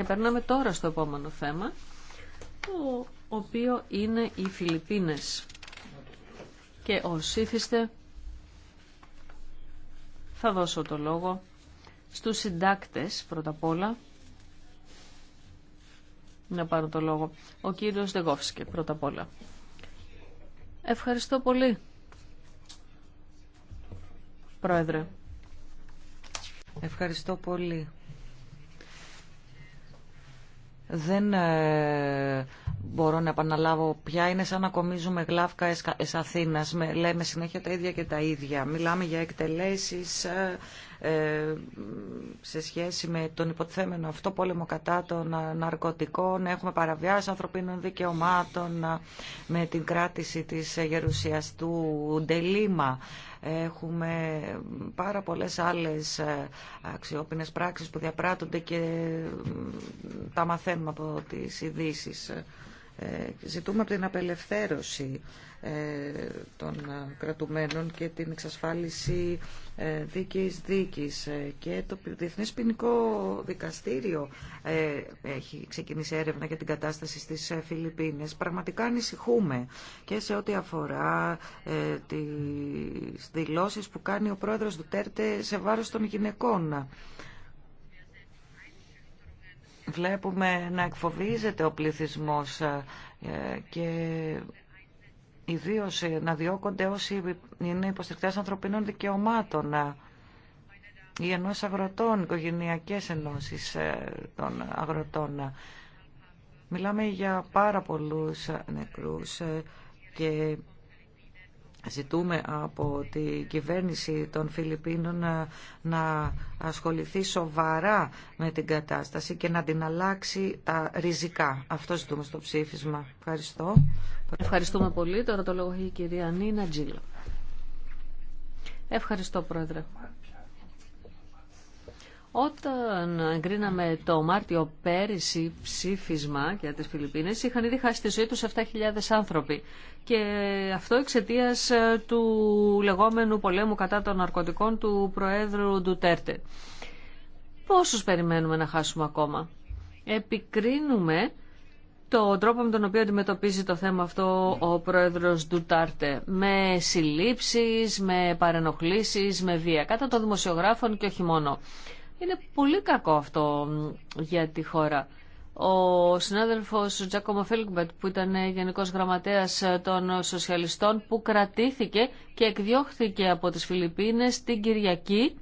Και περνάμε τώρα στο επόμενο θέμα, το οποίο είναι οι Φιλιππίνες. Και ως ήθιστε θα δώσω το λόγο στους συντάκτες πρώτα απ' όλα. Να πάρω το λόγο. Ο κύριος Δεγόφσκε πρώτα απ' όλα. Ευχαριστώ πολύ. Πρόεδρε. Ευχαριστώ πολύ. Δεν ε, μπορώ να επαναλάβω πια. Είναι σαν να κομίζουμε γλάφκα εσ' Αθήνας. λέμε συνέχεια τα ίδια και τα ίδια. Μιλάμε για εκτελέσεις, ε, ε, σε σχέση με τον υποθέμενο αυτό πόλεμο κατά των ναρκωτικών. Έχουμε παραβιάσει ανθρωπίνων δικαιωμάτων ε, με την κράτηση της γερουσίας του Ντελήμα. Έχουμε πάρα πολλές άλλες ε, αξιόπινες πράξεις που διαπράττονται και τα μαθαίνουμε από τις ειδήσει. Ε, ζητούμε από την απελευθέρωση ε, των ε, κρατουμένων και την εξασφάλιση δίκαιης δίκης και το Διεθνές Ποινικό Δικαστήριο έχει ξεκινήσει έρευνα για την κατάσταση στις Φιλιππίνες. Πραγματικά ανησυχούμε και σε ό,τι αφορά τις δηλώσεις που κάνει ο πρόεδρος Δουτέρτε σε βάρος των γυναικών βλέπουμε να εκφοβίζεται ο πληθυσμός ε, και ιδίω ε, να διώκονται όσοι είναι υποστηρικτές ανθρωπίνων δικαιωμάτων ε, ή ενό αγροτών, οικογενειακές ενώσεις των αγροτών. Μιλάμε για πάρα πολλούς νεκρούς και Ζητούμε από την κυβέρνηση των Φιλιππίνων να, ασχοληθεί σοβαρά με την κατάσταση και να την αλλάξει τα ριζικά. Αυτό ζητούμε στο ψήφισμα. Ευχαριστώ. Ευχαριστούμε πολύ. Τώρα το λόγο έχει η κυρία Νίνα Τζίλα. Ευχαριστώ, Πρόεδρε. Όταν εγκρίναμε το Μάρτιο πέρυσι ψήφισμα για τις Φιλιππίνες, είχαν ήδη χάσει τη ζωή τους 7.000 άνθρωποι. Και αυτό εξαιτία ε, του λεγόμενου πολέμου κατά των ναρκωτικών του Προέδρου Ντουτέρτε. Πόσους περιμένουμε να χάσουμε ακόμα. Επικρίνουμε τον τρόπο με τον οποίο αντιμετωπίζει το θέμα αυτό ο πρόεδρος Ντουτάρτε με συλλήψεις, με παρενοχλήσεις, με βία κατά των δημοσιογράφων και όχι μόνο. Είναι πολύ κακό αυτό για τη χώρα. Ο συνάδελφος Τζακόμο Φίλγκμπετ που ήταν γενικός γραμματέας των σοσιαλιστών που κρατήθηκε και εκδιώχθηκε από τις Φιλιππίνες την Κυριακή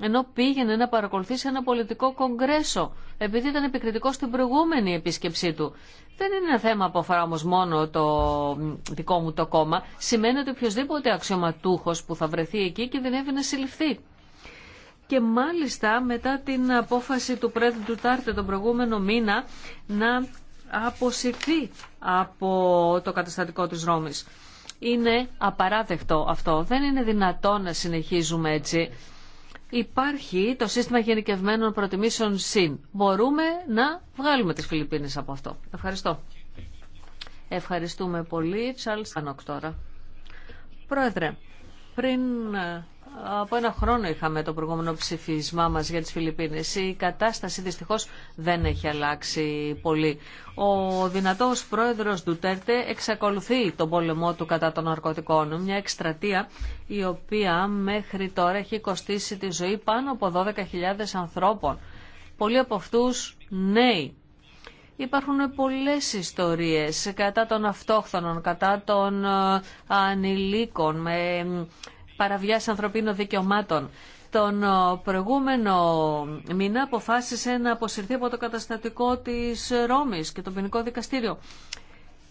ενώ πήγαινε να παρακολουθήσει ένα πολιτικό κογκρέσο, επειδή ήταν επικριτικό στην προηγούμενη επίσκεψή του. Δεν είναι ένα θέμα που αφορά όμω μόνο το δικό μου το κόμμα. Σημαίνει ότι οποιοδήποτε αξιωματούχος που θα βρεθεί εκεί κινδυνεύει να συλληφθεί και μάλιστα μετά την απόφαση του Πρέδρου του Τάρτε τον προηγούμενο μήνα να αποσυρθεί από το καταστατικό της Ρώμης. Είναι απαράδεκτο αυτό. Δεν είναι δυνατό να συνεχίζουμε έτσι. Υπάρχει το σύστημα γενικευμένων προτιμήσεων ΣΥΝ. Μπορούμε να βγάλουμε τις Φιλιππίνες από αυτό. Ευχαριστώ. Ευχαριστούμε πολύ. Τσάλς Ανόκ Πρόεδρε, πριν από ένα χρόνο είχαμε το προηγούμενο ψηφισμά μας για τις Φιλιππίνες. Η κατάσταση δυστυχώς δεν έχει αλλάξει πολύ. Ο δυνατός πρόεδρος Ντουτέρτε εξακολουθεί τον πόλεμό του κατά των ναρκωτικών. Μια εκστρατεία η οποία μέχρι τώρα έχει κοστίσει τη ζωή πάνω από 12.000 ανθρώπων. Πολλοί από αυτούς νέοι. Υπάρχουν πολλές ιστορίες κατά των αυτόχθονων, κατά των ε, ανηλίκων, με παραβιάσει ανθρωπίνων δικαιωμάτων. Τον ε, προηγούμενο μήνα αποφάσισε να αποσυρθεί από το καταστατικό της Ρώμης και το ποινικό δικαστήριο.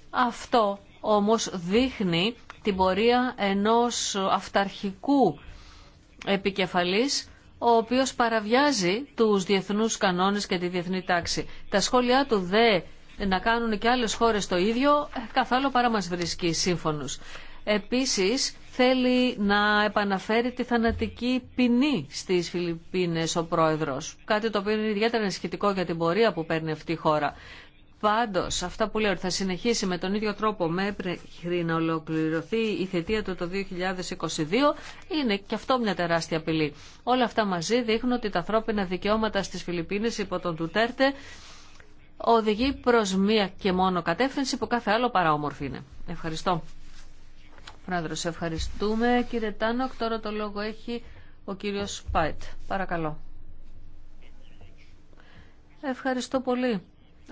Αυτό όμως δείχνει την πορεία ενός αυταρχικού επικεφαλής ο οποίος παραβιάζει τους διεθνούς κανόνες και τη διεθνή τάξη. Τα σχόλιά του δε να κάνουν και άλλες χώρες το ίδιο, ε, καθ' άλλο παρά μας βρίσκει σύμφωνος. Επίσης, θέλει να επαναφέρει τη θανατική ποινή στις Φιλιππίνες ο πρόεδρος. Κάτι το οποίο είναι ιδιαίτερα σχετικό για την πορεία που παίρνει αυτή η χώρα. Πάντως, αυτά που λέω ότι θα συνεχίσει με τον ίδιο τρόπο μέχρι να ολοκληρωθεί η θετία του το 2022 είναι και αυτό μια τεράστια απειλή. Όλα αυτά μαζί δείχνουν ότι τα ανθρώπινα δικαιώματα στις Φιλιππίνες υπό τον Τουτέρτε οδηγεί προς μία και μόνο κατεύθυνση που κάθε άλλο παρά όμορφη είναι. Ευχαριστώ. Πρόεδρο, σε ευχαριστούμε. Κύριε Τάνοκ, τώρα το λόγο έχει ο κύριος Πάιτ. Παρακαλώ. Ευχαριστώ πολύ.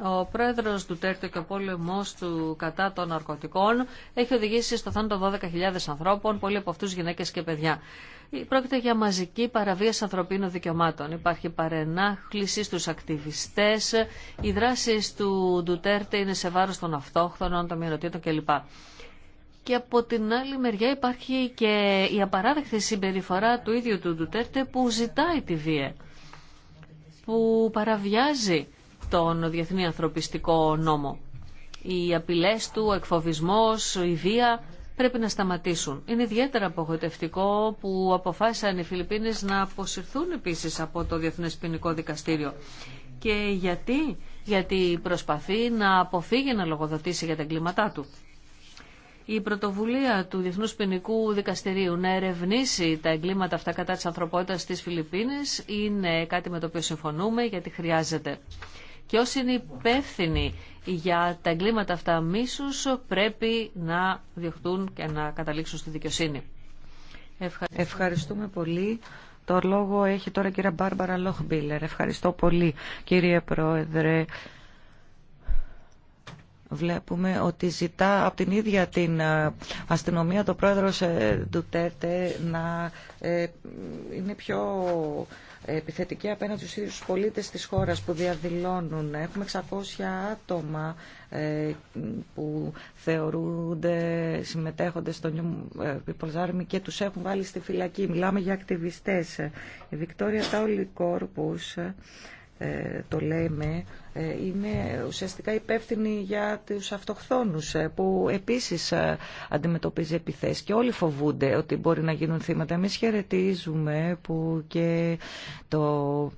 Ο πρόεδρο του Τέρτο και ο πόλεμο του κατά των ναρκωτικών έχει οδηγήσει στο θάνατο 12.000 ανθρώπων, πολλοί από αυτού γυναίκε και παιδιά. Πρόκειται για μαζική παραβίαση ανθρωπίνων δικαιωμάτων. Υπάρχει παρενάχληση στου ακτιβιστέ, οι δράσει του Ντουτέρτε είναι σε βάρο των αυτόχθων, των μειωτήτων κλπ και από την άλλη μεριά υπάρχει και η απαράδεκτη συμπεριφορά του ίδιου του Ντουτέρτε που ζητάει τη βία, που παραβιάζει τον Διεθνή Ανθρωπιστικό Νόμο. Οι απειλές του, ο εκφοβισμός, η βία πρέπει να σταματήσουν. Είναι ιδιαίτερα απογοητευτικό που αποφάσισαν οι Φιλιππίνες να αποσυρθούν επίσης από το Διεθνές Ποινικό Δικαστήριο. Και γιατί, γιατί προσπαθεί να αποφύγει να λογοδοτήσει για τα εγκλήματά του η πρωτοβουλία του Διεθνούς Ποινικού Δικαστηρίου να ερευνήσει τα εγκλήματα αυτά κατά της ανθρωπότητας στις Φιλιππίνες είναι κάτι με το οποίο συμφωνούμε γιατί χρειάζεται. Και όσοι είναι υπεύθυνοι για τα εγκλήματα αυτά μίσους πρέπει να διωχτούν και να καταλήξουν στη δικαιοσύνη. Ευχαριστούμε, Ευχαριστούμε πολύ. Το λόγο έχει τώρα η κυρία Μπάρμπαρα Λόχμπίλερ. Ευχαριστώ πολύ κύριε Πρόεδρε. Βλέπουμε ότι ζητά από την ίδια την ε, αστυνομία το πρόεδρος ε, του να ε, είναι πιο επιθετική απέναντι στους ίδιους πολίτες της χώρας που διαδηλώνουν. Έχουμε 600 άτομα που θεωρούνται συμμετέχοντες στο New και τους έχουν βάλει στη φυλακή. Μιλάμε για ακτιβιστές. Η Βικτόρια Τάουλη Κόρπους, το λέμε, ε, είναι ουσιαστικά υπεύθυνη για τους αυτοχθόνους ε, που επίσης ε, αντιμετωπίζει επιθέσεις και όλοι φοβούνται ότι μπορεί να γίνουν θύματα. Εμείς χαιρετίζουμε που και το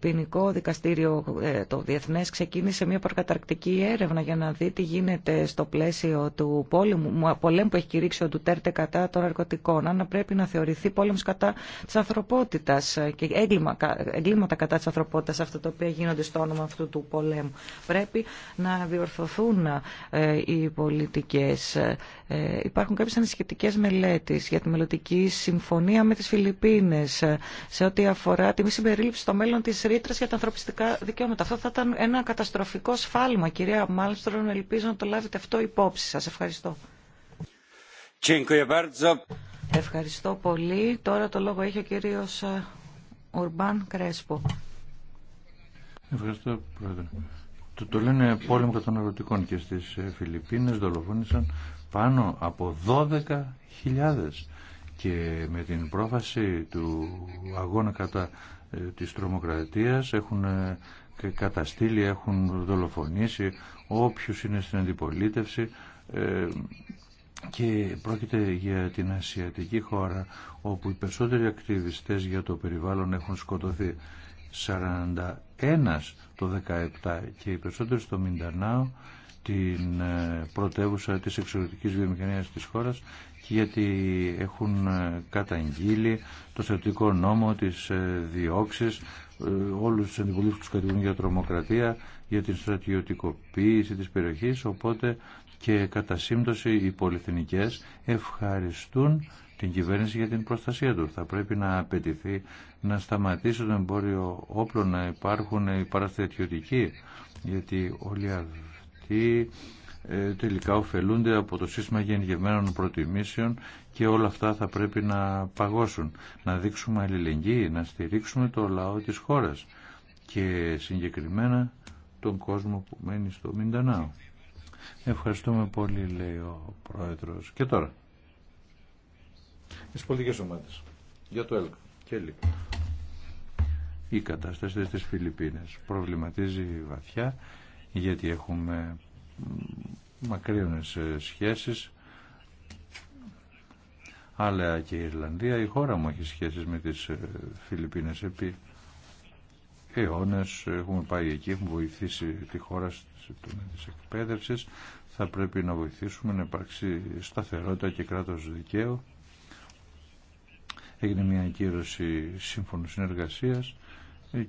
ποινικό δικαστήριο το διεθνές ξεκίνησε μια προκαταρκτική έρευνα για να δει τι γίνεται στο πλαίσιο του πόλεμου, πολέμου που έχει κηρύξει ο Ντουτέρτε κατά των ναρκωτικών, αν πρέπει να θεωρηθεί πόλεμος κατά της ανθρωπότητας και εγκλήματα κατά της ανθρωπότητας αυτά τα οποία γίνονται στο όνομα αυτού του πολέμου. Πρέπει να διορθωθούν ε, οι πολιτικές. Ε, υπάρχουν κάποιες ανησυχητικές μελέτες για τη μελλοντική συμφωνία με τις Φιλιππίνες ε, σε ό,τι αφορά τη μη συμπερίληψη στο μέλλον της ρήτρα για τα ανθρωπιστικά δικαιώματα. Αυτό θα ήταν ένα καταστροφικό σφάλμα. Κυρία Μάλστρον, ελπίζω να το λάβετε αυτό υπόψη σας. Ευχαριστώ. Ευχαριστώ πολύ. Τώρα το λόγο έχει ο κύριος Ουρμπάν Κρέσπο. Ευχαριστώ, Πρόεδρε. Το, το λένε πόλεμο κατά των αγροτικών και στις ε, Φιλιππίνες δολοφόνησαν πάνω από 12.000 και με την πρόφαση του αγώνα κατά ε, της τρομοκρατίας έχουν ε, καταστήλει, έχουν δολοφονήσει όποιους είναι στην αντιπολίτευση ε, και πρόκειται για την ασιατική χώρα όπου οι περισσότεροι ακτιβιστές για το περιβάλλον έχουν σκοτωθεί ένας το 17 και οι περισσότεροι στο Μιντανάο την ε, πρωτεύουσα της εξωτερικής βιομηχανίας της χώρας και γιατί έχουν ε, καταγγείλει το στρατιωτικό νόμο της ε, διώξης όλους τους αντιπολίτες τους κατηγορούν για τρομοκρατία για την στρατιωτικοποίηση της περιοχής οπότε και κατά σύμπτωση οι ευχαριστούν την κυβέρνηση για την προστασία του. Θα πρέπει να απαιτηθεί να σταματήσει το εμπόριο όπλων, να υπάρχουν οι παραστατιωτικοί, γιατί όλοι αυτοί ε, τελικά ωφελούνται από το σύστημα γενικευμένων προτιμήσεων και όλα αυτά θα πρέπει να παγώσουν. Να δείξουμε αλληλεγγύη, να στηρίξουμε το λαό της χώρας και συγκεκριμένα τον κόσμο που μένει στο Μιντανάο. Ευχαριστούμε πολύ, λέει ο Πρόεδρος. Και τώρα τις πολιτικέ ομάδες για το ΕΛΚ και Η κατάσταση στις Φιλιππίνες προβληματίζει βαθιά γιατί έχουμε μακρύνες ε, σχέσεις αλλά και η Ιρλανδία η χώρα μου έχει σχέσεις με τις ε, Φιλιππίνες επί αιώνε έχουμε πάει εκεί έχουμε βοηθήσει τη χώρα τη εκπαίδευση. θα πρέπει να βοηθήσουμε να υπάρξει σταθερότητα και κράτος δικαίου έγινε μια ακύρωση σύμφωνου συνεργασία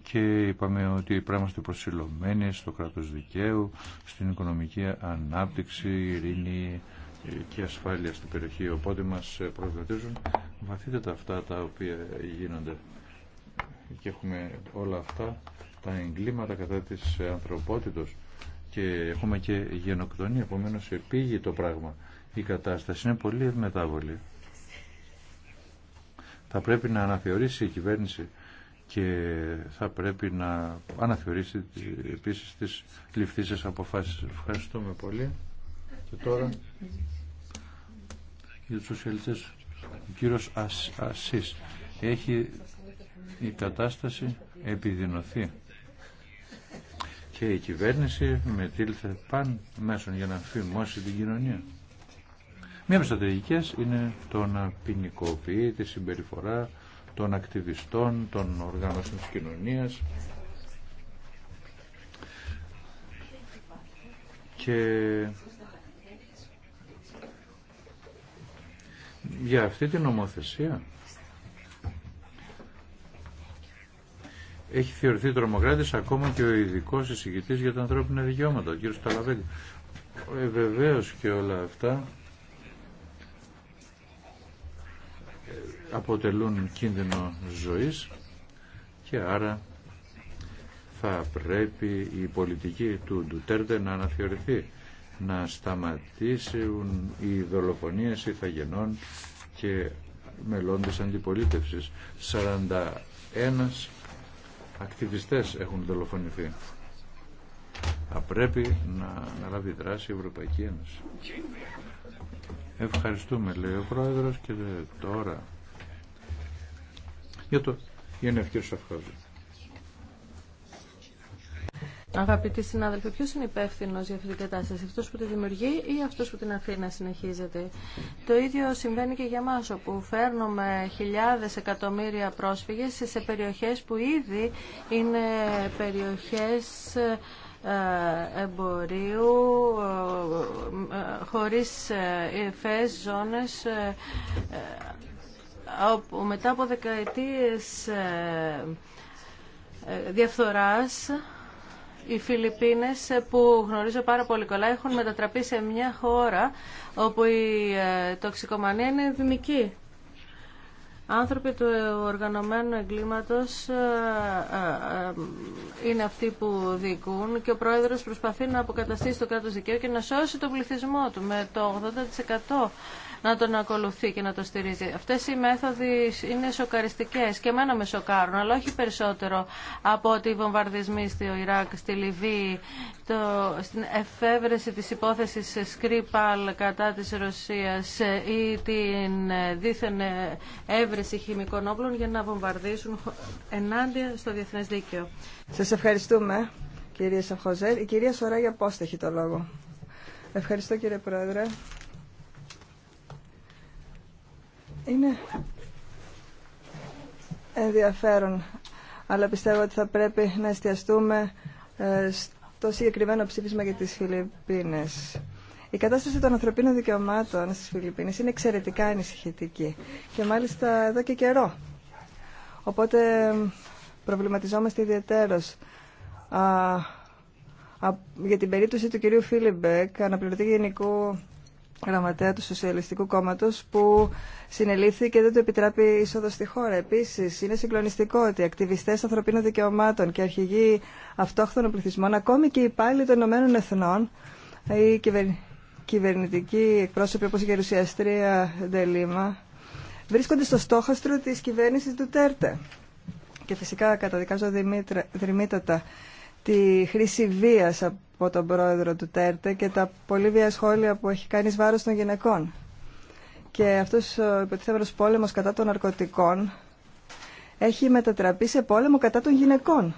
και είπαμε ότι είμαστε προσιλωμένοι στο κράτος δικαίου, στην οικονομική ανάπτυξη, ειρήνη και ασφάλεια στην περιοχή. Οπότε μας προβληματίζουν βαθύτερα αυτά τα οποία γίνονται. Και έχουμε όλα αυτά τα εγκλήματα κατά της ανθρωπότητος και έχουμε και γενοκτονία. Επομένως επήγει το πράγμα. Η κατάσταση είναι πολύ μεταβολή θα πρέπει να αναθεωρήσει η κυβέρνηση και θα πρέπει να αναθεωρήσει επίσης τις ληφθήσεις αποφάσεις. Ευχαριστούμε πολύ. Και τώρα για τους σοσιαλιστές ο κύριος Ασής έχει η κατάσταση επιδεινωθεί και η κυβέρνηση μετήλθε παν μέσων για να φημώσει την κοινωνία. Μία από στρατηγικές είναι το να ποινικοποιεί τη συμπεριφορά των ακτιβιστών, των οργάνωσεων της κοινωνίας και για αυτή την νομοθεσία έχει θεωρηθεί τρομοκράτης ακόμα και ο ειδικό εισηγητής για τα ανθρώπινα δικαιώματα, ο κ. Σταλαβέλη. Ε, βεβαίως και όλα αυτά αποτελούν κίνδυνο ζωής και άρα θα πρέπει η πολιτική του Ντουτέρντε να αναθεωρηθεί να σταματήσουν οι δολοφονίες ηθαγενών και μελών της αντιπολίτευσης. 41 ακτιβιστές έχουν δολοφονηθεί. Θα πρέπει να λάβει δράση η Ευρωπαϊκή Ένωση. Ευχαριστούμε, λέει ο Πρόεδρος, και τώρα για το ΙΕΝΕΦ, κύριε Σαφχάζη. Αγαπητοί συνάδελφοι, ποιο είναι υπεύθυνο για αυτή την κατάσταση, αυτό που τη δημιουργεί ή αυτό που την αφήνει να συνεχίζεται. Το ίδιο συμβαίνει και για εμά, όπου φέρνουμε χιλιάδε εκατομμύρια πρόσφυγε σε περιοχέ που ήδη είναι περιοχέ ε, εμπορίου ε, ε, χωρίς υφές ζώνες μετά από δεκαετίες ε, ε, διαφθοράς οι Φιλιππίνες ε, που γνωρίζω πάρα πολύ καλά έχουν μετατραπεί σε μια χώρα όπου η τοξικομανία είναι δυνική. Άνθρωποι του οργανωμένου εγκλήματος είναι αυτοί που δίκουν και ο πρόεδρος προσπαθεί να αποκαταστήσει το κράτος δικαίου και να σώσει τον πληθυσμό του με το 80% να τον ακολουθεί και να τον στηρίζει. Αυτές οι μέθοδοι είναι σοκαριστικές και εμένα με σοκάρουν, αλλά όχι περισσότερο από ότι οι βομβαρδισμοί στο Ιράκ, στη Λιβύη, το, στην εφεύρεση της υπόθεσης Σκρίπαλ κατά της Ρωσίας ή την δίθεν έβρεση χημικών όπλων για να βομβαρδίσουν ενάντια στο διεθνές δίκαιο. Σας ευχαριστούμε κυρία Σαφχοζέλ. Η κυρία Σωράγια έχει το λόγο. Ευχαριστώ κύριε Πρόεδρε. Είναι ενδιαφέρον, αλλά πιστεύω ότι θα πρέπει να εστιαστούμε ε, στο συγκεκριμένο ψήφισμα για τις Φιλιππίνες. Η κατάσταση των ανθρωπίνων δικαιωμάτων στις Φιλιππίνες είναι εξαιρετικά ανησυχητική και μάλιστα εδώ και καιρό. Οπότε προβληματιζόμαστε ιδιαίτερως για την περίπτωση του κυρίου Φίλιμπεκ, αναπληρωτή Γενικού γραμματέα του Σοσιαλιστικού Κόμματο που συνελήφθη και δεν του επιτράπει είσοδο στη χώρα. Επίση, είναι συγκλονιστικό ότι ακτιβιστέ ανθρωπίνων δικαιωμάτων και αρχηγοί αυτόχθων πληθυσμών, ακόμη και υπάλληλοι των Ηνωμένων Εθνών, οι κυβερνητικοί εκπρόσωποι όπω η Γερουσιαστρία Ντελήμα, βρίσκονται στο στόχαστρο τη κυβέρνηση του Τέρτε. Και φυσικά καταδικάζω δρυμύτατα τη χρήση βίας από τον πρόεδρο του Τέρτε και τα πολύ βία σχόλια που έχει κάνει βάρος των γυναικών. Και αυτός ο υποτιθέμενος πόλεμος κατά των ναρκωτικών έχει μετατραπεί σε πόλεμο κατά των γυναικών.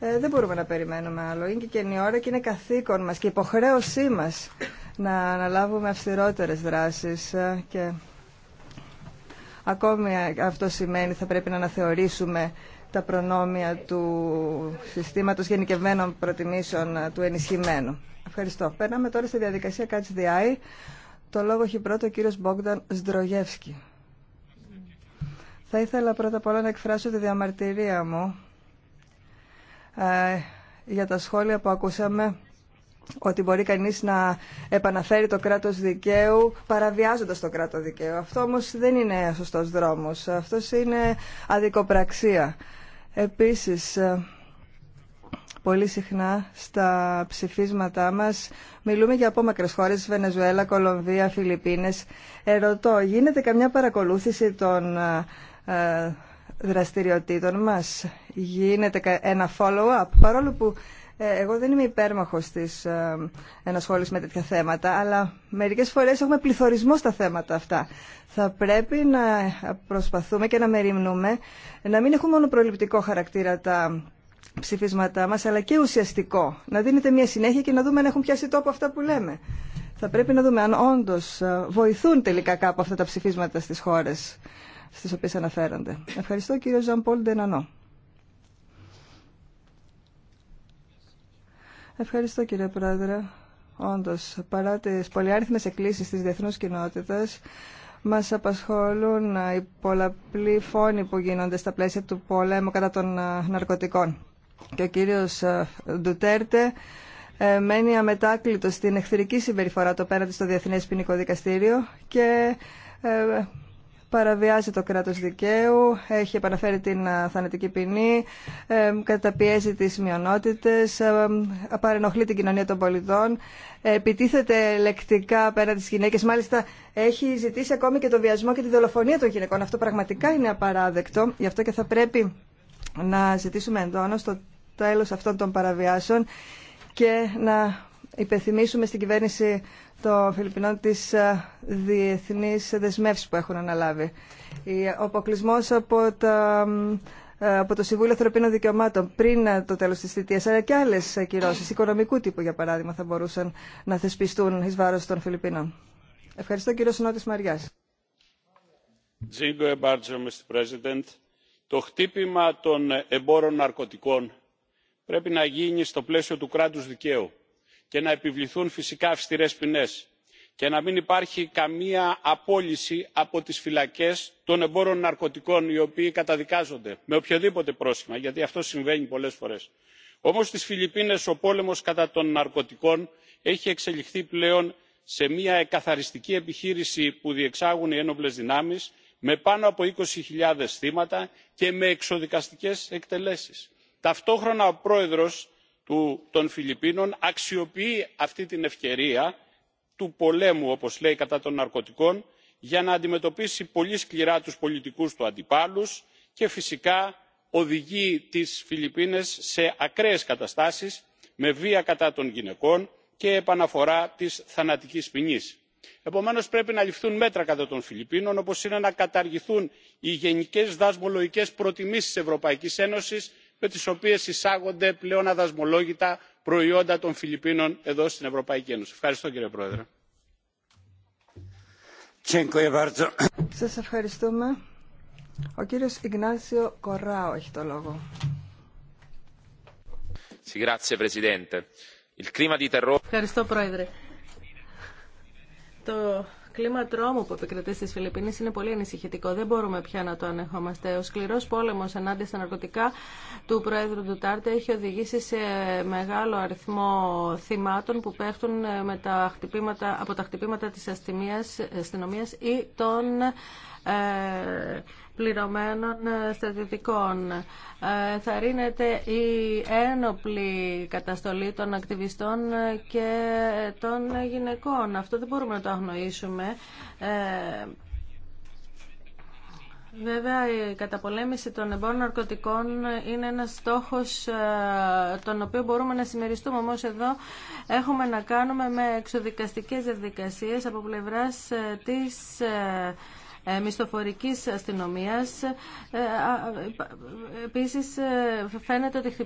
Ε, δεν μπορούμε να περιμένουμε άλλο. Είναι και καινή ώρα και είναι καθήκον μας και υποχρέωσή μας να αναλάβουμε αυστηρότερες δράσεις ε, και ακόμη αυτό σημαίνει θα πρέπει να αναθεωρήσουμε τα προνόμια του συστήματος γενικευμένων προτιμήσεων ε, του ενισχυμένου. Ευχαριστώ. Περνάμε τώρα στη διαδικασία Catch the Eye. Το λόγο έχει πρώτο ο κύριος Μπόγκταν Σντρογεύσκη. Θα ήθελα πρώτα απ' όλα να εκφράσω τη διαμαρτυρία μου ε, για τα σχόλια που ακούσαμε ότι μπορεί κανείς να επαναφέρει το κράτος δικαίου παραβιάζοντας το κράτος δικαίου. Αυτό όμως δεν είναι σωστός δρόμος. Αυτός είναι αδικοπραξία. Επίσης, ε, πολύ συχνά στα ψηφίσματά μας μιλούμε για απόμακρες χώρες, Βενεζουέλα, Κολομβία, Φιλιππίνες. Ερωτώ, γίνεται καμιά παρακολούθηση των ε, ε, δραστηριοτήτων μας. Γίνεται ένα follow-up, παρόλο που ε, εγώ δεν είμαι υπέρμαχος της ε, ενασχόλησης με τέτοια θέματα, αλλά μερικές φορές έχουμε πληθωρισμό στα θέματα αυτά. Θα πρέπει να προσπαθούμε και να μεριμνούμε να μην έχουμε μόνο προληπτικό χαρακτήρα τα ψηφίσματά μας, αλλά και ουσιαστικό. Να δίνεται μια συνέχεια και να δούμε αν έχουν πιάσει τόπο αυτά που λέμε. Θα πρέπει να δούμε αν όντως ε, βοηθούν τελικά κάπου αυτά τα ψηφίσματα στις χώρες στις οποίες αναφέρονται. Ευχαριστώ κύριο Ζαν Ντενανό. Ευχαριστώ κύριε Πρόεδρε. Όντως, παρά τις πολυάριθμες εκκλήσεις της διεθνούς κοινότητας, μας απασχολούν οι πολλαπλοί φόνοι που γίνονται στα πλαίσια του πολέμου κατά των ε, ναρκωτικών. Και ο κύριος ε, Ντουτέρτε ε, μένει αμετάκλητο στην εχθρική συμπεριφορά το απέναντι στο Διεθνές Ποινικό Δικαστήριο και παραβιάζει το κράτος δικαίου, έχει επαναφέρει την ε, θανατική ποινή, ε, καταπιέζει τις μειονότητες, ε, παρενοχλεί την κοινωνία των πολιτών, επιτίθεται λεκτικά απέναντι στις γυναίκες. Μάλιστα έχει ζητήσει ακόμη και το βιασμό και τη δολοφονία των γυναικών. Αυτό πραγματικά είναι απαράδεκτο, γι' αυτό και θα πρέπει να ζητήσουμε εντόνω το τέλος αυτών των παραβιάσεων και να υπενθυμίσουμε στην κυβέρνηση των Φιλιππινών τις ε, διεθνείς δεσμεύσεις που έχουν αναλάβει. Ε, ο αποκλεισμό από, ε, από, το Συμβούλιο Ανθρωπίνων Δικαιωμάτων πριν το τέλος της θητείας, αλλά και άλλες ακυρώσεις οικονομικού τύπου, για παράδειγμα, θα μπορούσαν να θεσπιστούν εις βάρος των Φιλιππίνων. Ευχαριστώ κύριο Συνότης Μαριάς. Το χτύπημα των εμπόρων ναρκωτικών πρέπει να γίνει στο πλαίσιο του κράτους δικαίου και να επιβληθούν φυσικά αυστηρές ποινές και να μην υπάρχει καμία απόλυση από τις φυλακές των εμπόρων ναρκωτικών οι οποίοι καταδικάζονται με οποιοδήποτε πρόσχημα γιατί αυτό συμβαίνει πολλές φορές. όμως στις φιλιππίνες ο πόλεμος κατά των ναρκωτικών έχει εξελιχθεί πλέον σε μια εκαθαριστική επιχείρηση που διεξάγουν οι ένοπλες δυνάμεις με πάνω από 20.000 θύματα και με εξοδικαστικές εκτελέσεις. ταυτόχρονα ο πρόεδρος των φιλιππίνων αξιοποιεί αυτή την ευκαιρία του πολέμου όπως λέει κατά των ναρκωτικών για να αντιμετωπίσει πολύ σκληρά τους πολιτικούς του αντιπάλους και φυσικά οδηγεί τις φιλιππίνες σε ακραίες καταστάσεις με βία κατά των γυναικών και επαναφορά της θανατικής ποινής. επομένως πρέπει να ληφθούν μέτρα κατά των φιλιππίνων όπως είναι να καταργηθούν οι γενικές δασμολογικές προτιμήσεις της ευρωπαϊκής ένωσης με τις οποίες εισάγονται πλέον αδασμολόγητα προϊόντα των Φιλιππίνων εδώ στην Ευρωπαϊκή Ένωση. Ευχαριστώ κύριε Πρόεδρε. Σας ευχαριστούμε. Ο κύριος Ιγνάσιο Κοράο έχει το λόγο. Ευχαριστώ Πρόεδρε. Το κλίμα τρόμου που επικρατεί στις Φιλιππίνες είναι πολύ ανησυχητικό. Δεν μπορούμε πια να το ανεχόμαστε. Ο σκληρός πόλεμος ενάντια στα ναρκωτικά του Πρόεδρου του Τάρτε έχει οδηγήσει σε μεγάλο αριθμό θυμάτων που πέφτουν ε, με τα χτυπήματα, από τα χτυπήματα της αστυνομίας ή των πληρωμένων στρατιωτικών. Ε, Θα ρίνεται η ένοπλη καταστολή των ακτιβιστών και των γυναικών. Αυτό δεν μπορούμε να το αγνοήσουμε. Ε, βέβαια, η καταπολέμηση των εμπόρων ναρκωτικών είναι ένας στόχος ε, τον οποίο μπορούμε να συμμεριστούμε. Όμως εδώ έχουμε να κάνουμε με εξοδικαστικές διαδικασίες από πλευράς της ε, μισθοφορικής αστυνομίας. Ε, ε, επίσης φαίνεται ότι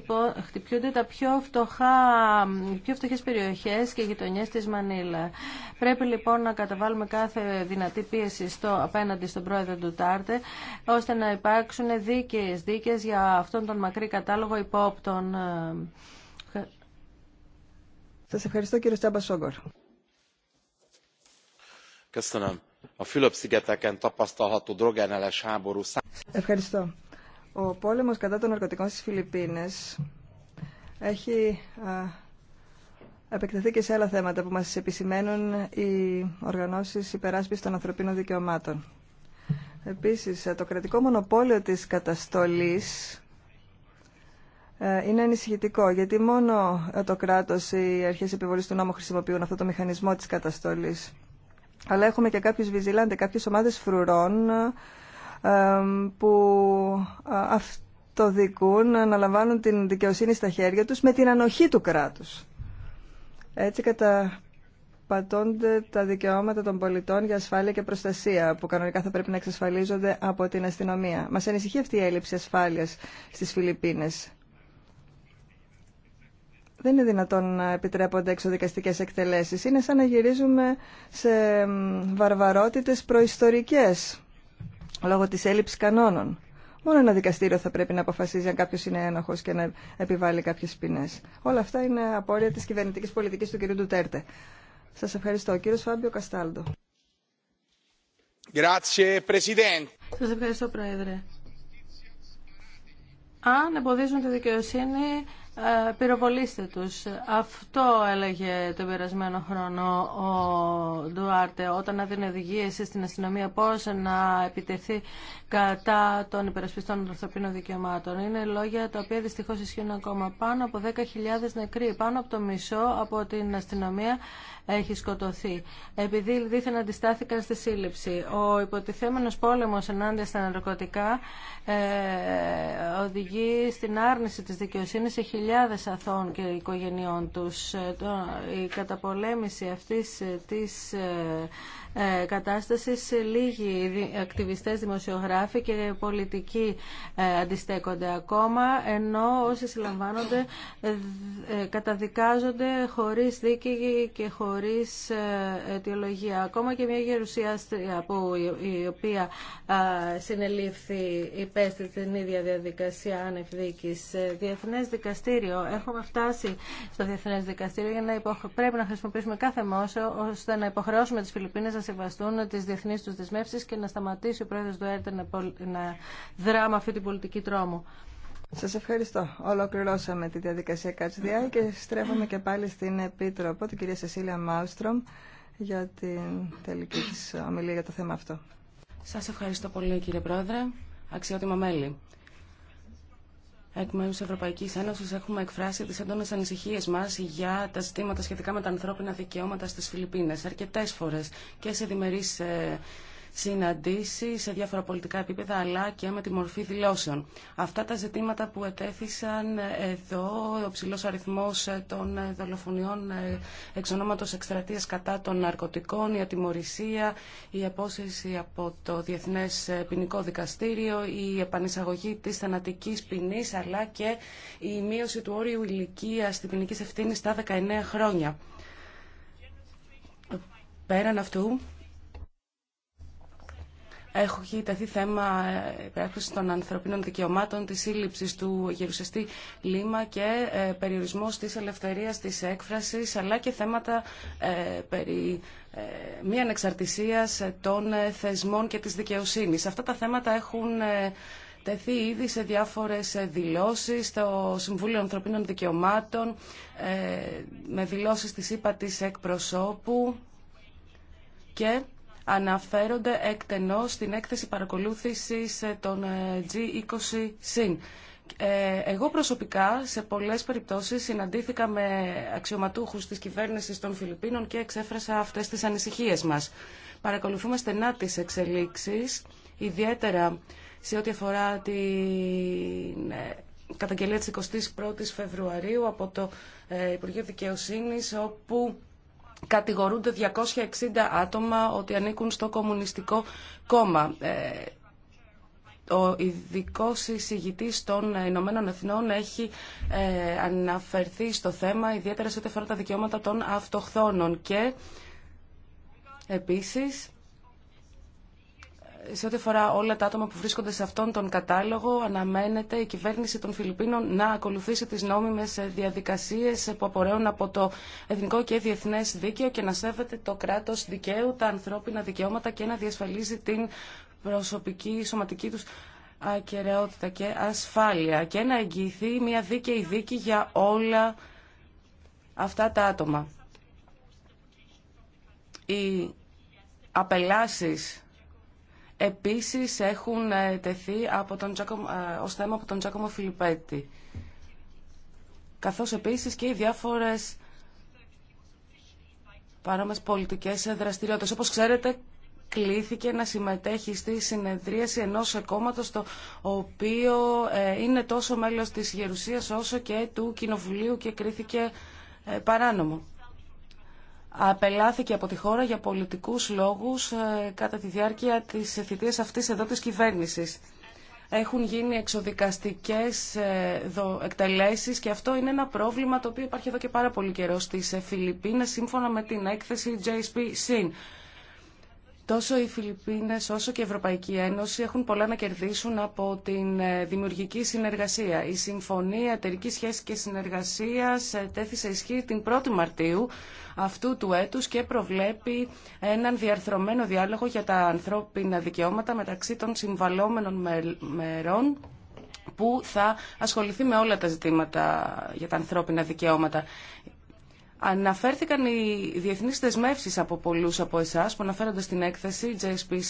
χτυπιούνται τα πιο, φτωχά, πιο φτωχές περιοχές και γειτονιές της Μανίλα. Πρέπει λοιπόν να καταβάλουμε κάθε δυνατή πίεση στο, απέναντι στον πρόεδρο του Τάρτε, ώστε να υπάρξουν δίκαιες δίκες για αυτόν τον μακρύ κατάλογο υπόπτων. Σας ευχαριστώ κύριε Στάμπα Σόγκορ. Ευχαριστώ. Ο πόλεμος κατά των ναρκωτικών στις Φιλιππίνες έχει επεκταθεί και σε άλλα θέματα που μας επισημαίνουν οι οργανώσεις υπεράσπισης των ανθρωπίνων δικαιωμάτων. Επίσης, ε, το κρατικό μονοπόλιο της καταστολής ε, είναι ανησυχητικό, γιατί μόνο το κράτος, οι αρχές επιβολής του νόμου χρησιμοποιούν αυτό το μηχανισμό της καταστολής αλλά έχουμε και κάποιους βιζιλάντες, κάποιες ομάδες φρουρών που ε, αυτοδικούν, να αναλαμβάνουν την δικαιοσύνη στα χέρια τους με την ανοχή του κράτους. Έτσι καταπατώνται τα δικαιώματα των πολιτών για ασφάλεια και προστασία που κανονικά θα πρέπει να εξασφαλίζονται από την αστυνομία. Μας ανησυχεί αυτή η έλλειψη ασφάλειας στις Φιλιππίνες δεν είναι δυνατόν να επιτρέπονται εξοδικαστικές εκτελέσεις. Είναι σαν να γυρίζουμε σε βαρβαρότητες προϊστορικές, λόγω της έλλειψης κανόνων. Μόνο ένα δικαστήριο θα πρέπει να αποφασίζει αν κάποιο είναι ένοχο και να επιβάλλει κάποιε ποινέ. Όλα αυτά είναι απόρρια τη κυβερνητική πολιτική του κ. Ντουτέρτε. Σα ευχαριστώ. Κύριο Φάμπιο Καστάλντο. Σα ευχαριστώ, Πρόεδρε. Αν εμποδίζουν τη δικαιοσύνη, ε, πυροβολήστε τους. Αυτό έλεγε τον περασμένο χρόνο ο Ντουάρτε όταν έδινε οδηγίε στην αστυνομία πώς να επιτεθεί κατά των υπερασπιστών των ανθρωπίνων δικαιωμάτων. Είναι λόγια τα οποία δυστυχώς ισχύουν ακόμα. Πάνω από 10.000 νεκροί, πάνω από το μισό από την αστυνομία έχει σκοτωθεί. Επειδή δίθεν αντιστάθηκαν στη σύλληψη. Ο υποτιθέμενος πόλεμος ενάντια στα ναρκωτικά ε, οδηγεί στην άρνηση της δικαιοσύνη χιλιάδες αθών και οικογενειών τους. Ε, η καταπολέμηση αυτής ε, της ε, σε Λίγοι ακτιβιστές, δημοσιογράφοι και πολιτικοί ε, αντιστέκονται ακόμα, ενώ όσοι συλλαμβάνονται ε, ε, καταδικάζονται χωρίς δίκη και χωρίς αιτιολογία. Ακόμα και μια γερουσία από η οποία συνελήφθη υπέστη την ίδια διαδικασία άνευ δίκης. Διεθνές δικαστήριο. Έχουμε φτάσει στο Διεθνές δικαστήριο για να πρέπει να χρησιμοποιήσουμε κάθε μόσο ώστε να υποχρεώσουμε τις Φιλιππίνες σεβαστούν τι διεθνεί του δεσμεύσει και να σταματήσει ο πρόεδρο έρτε να δράμα αυτή την πολιτική τρόμου. Σα ευχαριστώ. Ολοκληρώσαμε τη διαδικασία Κατσδιά και στρέφουμε και πάλι στην Επίτροπο, την κυρία Σεσίλια Μάουστρομ για την τελική τη ομιλία για το θέμα αυτό. Σα ευχαριστώ πολύ, κύριε Πρόεδρε. Αξιότιμα μέλη. Εκ μέρου τη Ευρωπαϊκή Ένωση έχουμε εκφράσει τι έντονε ανησυχίε μα για τα ζητήματα σχετικά με τα ανθρώπινα δικαιώματα στι Φιλιππίνες αρκετέ φορέ και σε διμερεί ε, συναντήσει σε διάφορα πολιτικά επίπεδα αλλά και με τη μορφή δηλώσεων. Αυτά τα ζητήματα που ετέθησαν εδώ, ο ψηλό αριθμό ε, των ε, δολοφονιών ε, εξ ονόματο εκστρατεία κατά των ναρκωτικών, η ατιμορρησία, η απόσυρση από το Διεθνέ Ποινικό Δικαστήριο, η επανεισαγωγή τη θανατική ποινή αλλά και η μείωση του όριου ηλικία στην ποινική ευθύνη στα 19 χρόνια. Πέραν αυτού, Έχω τεθεί θέμα υπεράσπιση των ανθρωπίνων δικαιωμάτων, τη σύλληψη του γερουσιαστή Λίμα και ε, περιορισμό τη ελευθερία τη έκφραση, αλλά και θέματα ε, περί ε, μία ανεξαρτησία των θεσμών και της δικαιοσύνη. Αυτά τα θέματα έχουν τεθεί ήδη σε διάφορες δηλώσεις στο Συμβούλιο Ανθρωπίνων Δικαιωμάτων, με δηλώσεις της ΥΠΑ της εκπροσώπου και αναφέρονται εκτενώς στην έκθεση παρακολούθησης των ε, G20 συν. Ε, εγώ προσωπικά σε πολλές περιπτώσεις συναντήθηκα με αξιωματούχους της κυβέρνησης των Φιλιππίνων και εξέφρασα αυτές τις ανησυχίες μας. Παρακολουθούμε στενά τις εξελίξεις, ιδιαίτερα σε ό,τι αφορά την ε, καταγγελία της 21ης Φεβρουαρίου από το Υπουργείο Δικαιοσύνης, όπου κατηγορούνται 260 άτομα ότι ανήκουν στο Κομμουνιστικό Κόμμα. Ε, ο ειδικό εισηγητή των Ηνωμένων Εθνών έχει ε, αναφερθεί στο θέμα, ιδιαίτερα σε ό,τι αφορά τα δικαιώματα των αυτοχθόνων. Και επίσης σε ό,τι αφορά όλα τα άτομα που βρίσκονται σε αυτόν τον κατάλογο, αναμένεται η κυβέρνηση των Φιλιππίνων να ακολουθήσει τις νόμιμες ε, διαδικασίες ε, που απορρέουν από το εθνικό και διεθνές δίκαιο και να σέβεται το κράτος δικαίου, τα ανθρώπινα δικαιώματα και να διασφαλίζει την προσωπική σωματική τους ακαιρεότητα και ασφάλεια και να εγγυηθεί μια δίκαιη δίκη για όλα αυτά τα άτομα. Οι απελάσεις επίσης έχουν ε, τεθεί από τον ε, ως θέμα από τον Τζάκομο Φιλιππέτη. Καθώς επίσης και οι διάφορες παρόμες πολιτικές δραστηριότητες. Όπως ξέρετε, κλήθηκε να συμμετέχει στη συνεδρίαση ενός κόμματος το οποίο ε, είναι τόσο μέλος της Γερουσίας όσο και του Κοινοβουλίου και κρίθηκε παράνομο απελάθηκε από τη χώρα για πολιτικούς λόγους ε, κατά τη διάρκεια της θητείας αυτής εδώ της κυβέρνησης. Έχουν γίνει εξοδικαστικές ε, εκτελέσεις και αυτό είναι ένα πρόβλημα το οποίο υπάρχει εδώ και πάρα πολύ καιρό στις ε, Φιλιππίνες σύμφωνα με την έκθεση Sin. Τόσο οι Φιλιππίνες όσο και η Ευρωπαϊκή Ένωση έχουν πολλά να κερδίσουν από την ε, δημιουργική συνεργασία. Η Συμφωνία Εταιρική Σχέση και Συνεργασία ε, τέθησε ισχύ την 1η Μαρτίου αυτού του έτους και προβλέπει έναν διαρθρωμένο διάλογο για τα ανθρώπινα δικαιώματα μεταξύ των συμβαλόμενων μερών που θα ασχοληθεί με όλα τα ζητήματα για τα ανθρώπινα δικαιώματα. Αναφέρθηκαν οι διεθνείς δεσμεύσεις από πολλούς από εσάς που αναφέρονται στην έκθεση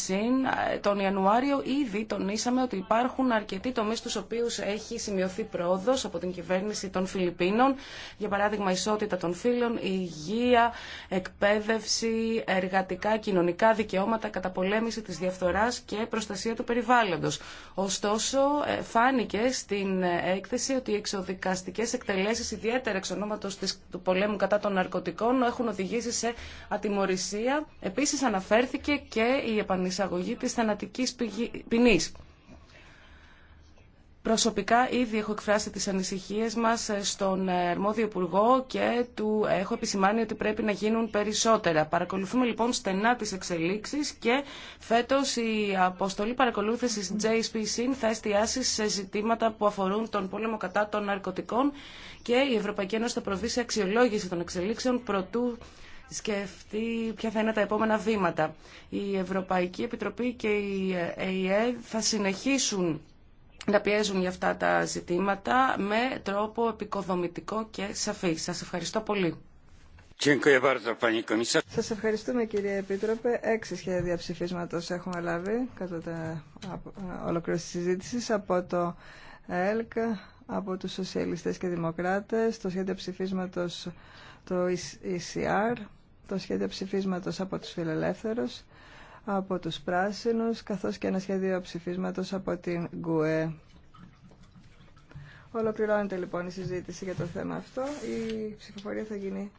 Sin. Τον Ιανουάριο ήδη τονίσαμε ότι υπάρχουν αρκετοί τομείς στους οποίους έχει σημειωθεί πρόοδος από την κυβέρνηση των Φιλιππίνων. Για παράδειγμα ισότητα των φύλων, υγεία, εκπαίδευση, εργατικά, κοινωνικά δικαιώματα, καταπολέμηση της διαφθοράς και προστασία του περιβάλλοντος. Ωστόσο ε, φάνηκε στην ε, έκθεση ότι οι εξοδικαστικές εκτελέσεις ιδιαίτερα εξ ονόματος του πολέμου κατά των ναρκωτικών έχουν οδηγήσει σε ατιμορρησία. Επίσης αναφέρθηκε και η επανεισαγωγή της θανατικής ποινής. Προσωπικά ήδη έχω εκφράσει τις ανησυχίες μας ε, στον ε, αρμόδιο υπουργό και του ε, έχω επισημάνει ότι πρέπει να γίνουν περισσότερα. Παρακολουθούμε λοιπόν στενά τις εξελίξεις και φέτος η αποστολή παρακολούθησης JSPC θα εστιάσει σε ζητήματα που αφορούν τον πόλεμο κατά των ναρκωτικών και η Ευρωπαϊκή Ένωση θα προβεί σε αξιολόγηση των εξελίξεων προτού σκεφτεί ποια θα είναι τα επόμενα βήματα. Η Ευρωπαϊκή Επιτροπή και η ΕΕ θα συνεχίσουν να πιέζουν για αυτά τα ζητήματα με τρόπο επικοδομητικό και σαφή. Σας ευχαριστώ πολύ. Σας ευχαριστούμε κύριε Επίτροπε. Έξι σχέδια ψηφίσματο έχουμε λάβει κατά τα ολοκλήρωση της συζήτησης από το ΕΛΚ, από τους Σοσιαλιστές και Δημοκράτες, το σχέδιο ψηφίσματος το ECR, το σχέδιο ψηφίσματο από τους Φιλελεύθερους από τους Πράσινους, καθώς και ένα σχέδιο ψηφίσματος από την ΓΚΟΕ. Ολοκληρώνεται λοιπόν η συζήτηση για το θέμα αυτό. Η ψηφοφορία θα γίνει